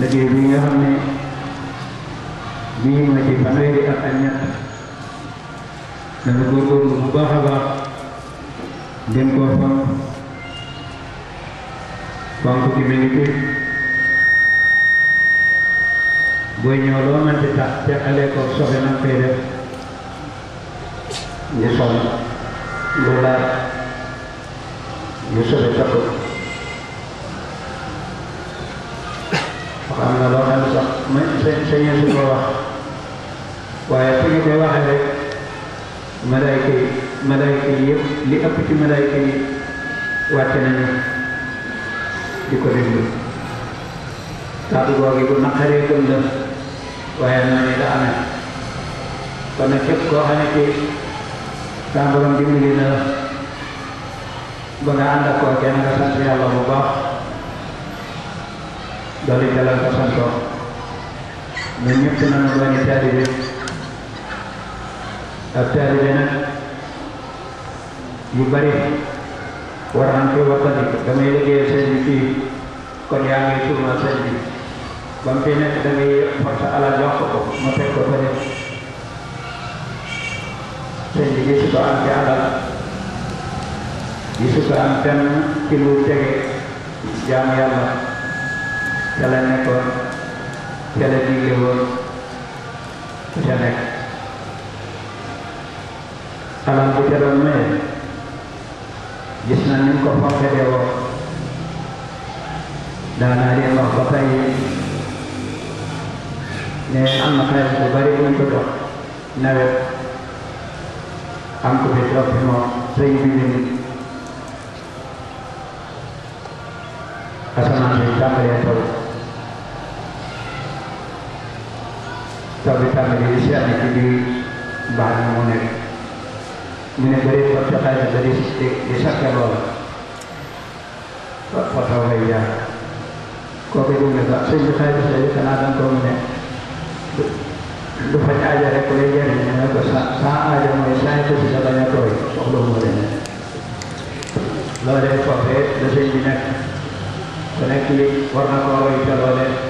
lagi bi nga xam lagi pandai di ci dan ak ak ñett dana góorgóorlu bu baax a baax gën koo fonk fonk ci minute booy ñëw loo mën ci tax te sanya su ko wax waaye fa ñu koy waxee rek malaayka yi li ëpp ci malaayka yi wàcce nañu di ko déglu taatu boo gi bu naqaree gëm la waaye noonu la amee kon nag képp koo xam ne ci tàmbalam di mbir na ba ñun ñëpp ci mën a doon taalibe ab taalibe nag yu bari war nañ koy waxtaanee damay liggéeyal sëñ bi fii kon yaa ngi tuumal sëñ bi ba mu fi nekk da ngay force alal jox ko ma teg Gallery Lever Janek Alam Butaran में जिसने निम्को फंसे थे dan hari Allah batai ne amma kaya ko bari mun to na am ko be trop mo asana Savita मेरी आने के लिए बाद में उन्हें मैंने गरीब बच्चों का गरीब एक ऐसा kau pergi mereka sehingga bisa ini aja ini, saya itu bisa tanya kau, Allah mulanya. Lalu ada kafe, saya karena warna kau lalu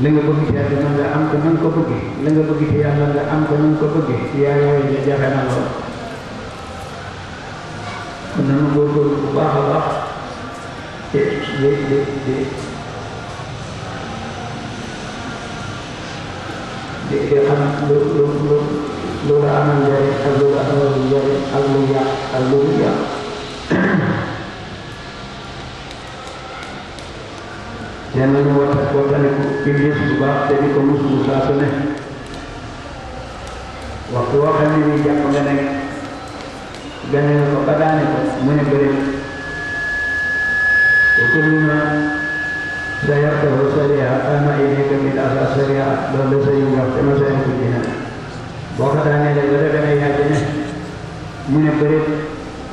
li nga bëgg ci nga am ko nan ko bëggee li nga bëgg ci yàlla nga am ko nan ko bëggee yaa yooyu nga jafe na lool kon nanu góorgóorlu bu baax a baax te de de de xam lu lu lu lu la amal njëriñ ak lu amal njëriñ ak lu yàq ak lu yàq Jangan wata kota ni kibir sebab jadi kamu susah tu ni. Waktu akan ni dia mengenai gana kepada ni mana beri. Itu lima saya tahu saya anak ini kami dah saya dan saya juga kena saya punya. Waktu dah ni lepas dah ni ada ni mana beri.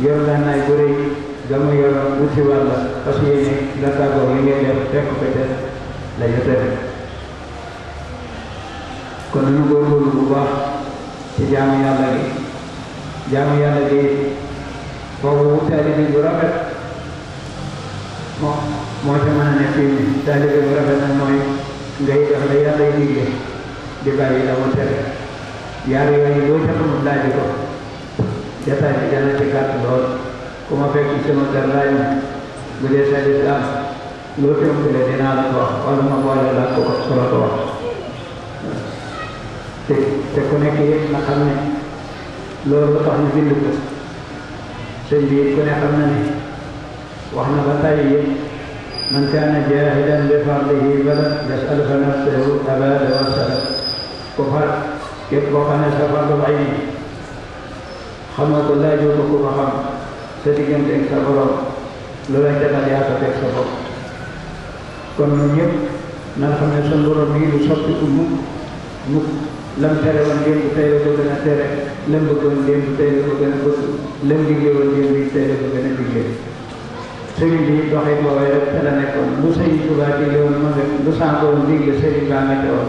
Yang dah naik beri ગમે પૂછી વાર પછી એને લતાકો લઈને ટેકો પેટે લઈ જતા કોનું ગોળ ઉભા એ જામ્યા લાગે જામ્યા લાગે પગલું ઉઠાડીને બરાબર મોટામાં નથી ચાલી ગઈ બરાબર ગઈ હળૈયા લઈ ગઈ દિવાળીના મોટા યાર એવા ગોઠા પણ મુદ્દા જતો જતા જતા કાપ દોડ kuma fekk sama darlañ bu dee sa di am loo fi mu la dinaa la ko wax wala ma boole la ko ko solo ko wax te te ku nekk yëpp na xam ne loolu tax ñu bind ko sëñ bi ku ne xam na ne Sedikit teksa borok, luai teka liata teksa borok. Komunyum, nafamnya semboro milu sabtu umum, muk lamtare wandiyan kutayro kogana tere, lambu wandiyan kutayro kogana kutu, lambige wandiyan kutayro kogana bige. Sedikit dohay mawairat talane kon, lusa itu gati lewan mawairat, lusa angko wandiyan sedikit bangat lewan,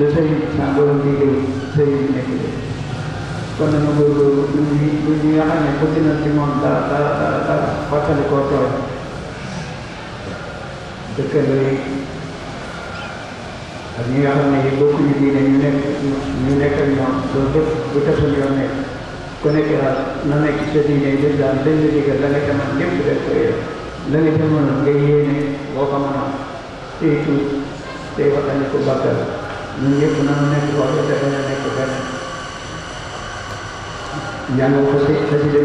lusa itu sangko wandiyan sedikit nekudayro. quando non volevo venire a me, continuamente da, da, da, da faccia le quattro ore. Perché lui, a mia anni, e dopo mi dire, mi ne cammino, dopo sono io ne, con che non è che c'è di ne, del dan, del di che la che non è che è, la che non è che è ne, o come no, e tu, te va a ne con battere, non è che non è che va a ne con battere, njàng xasi xasida yi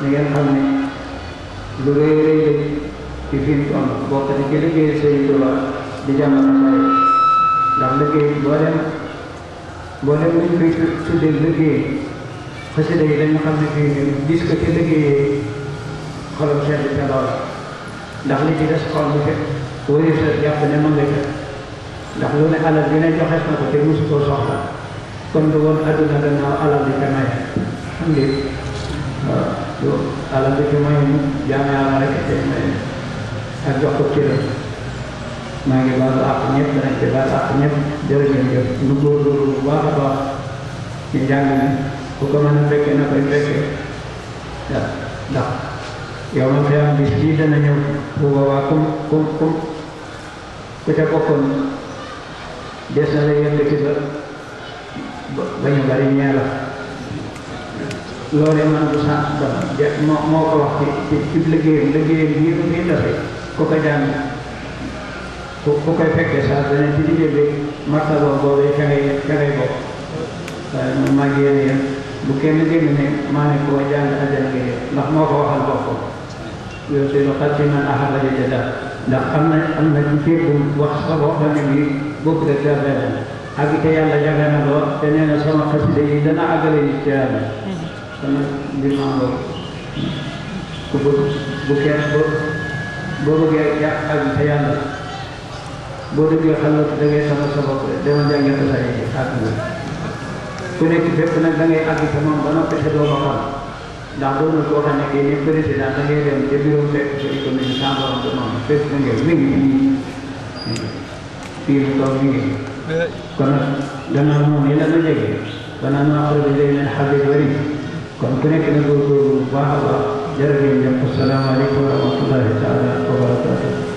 ni ngeen xam ne lu rëy rëy la ci fi mu toll bokk na ci liggéey Sëriñ Tuubaa di jàng xasaay ndax liggéey mboolem mboolem luñ fi tuddee liggéey xasida yi dañu xam ne fii ñu gis ko ci liggéeyee xolam sedd ca loola ndax li ci des xol bu fekk wëri sa jàpp ne mën nga ca ndax lu ne alal dina joxe na nggih yo alam itu main jangan alam itu main agak kecil Mari baru akunya dan kita akunya jadi jadi nubur dulu apa jangan hukuman mereka nak mereka ya dah ya orang saya bisnis dan hanya bawa kum kum kum kita kokon dia selalu yang kecil banyak barinya lah loolee man du sant borom ja moo moo ko wax ci ci liggéeyam liggéeyam bii ko fiy doxee ku ko jàng ku ku koy fekkee sax dana ci liggéey bi martaboo bi ca ngay ca ngay bokk waaye man maa ngi yéen yéen bu kenn génn ne maa ne koo jàng ajal nga yéen ndax moo ko waxal boppam yow si lu xat ci man axal la jënd daal ndax am na am na ci képp wax sa bopp ne bii bokk de dara ak it yàlla jaga na lool te nee na sama xasida yi dana àggale nit ci yàlla Memang bukan bodoh dia ya aja saya lah. Bodoh dia kalau kita gaya sama sama dewan jangan kita saya satu. Kena kita kena gaya aja sama mana pesa dua makan. Dado nu kau kan yang ini pergi sedang gaya dan jadi orang saya jadi kau ni sama orang tu mana pesa gaya wing तीन तौहीन करना दनानो नीला न जगे दनानो आखिर बिजय ने हादिर वरी konkret na gurgurun ba ba yang ya kusa na malikun rahmatullahi ta'ala wa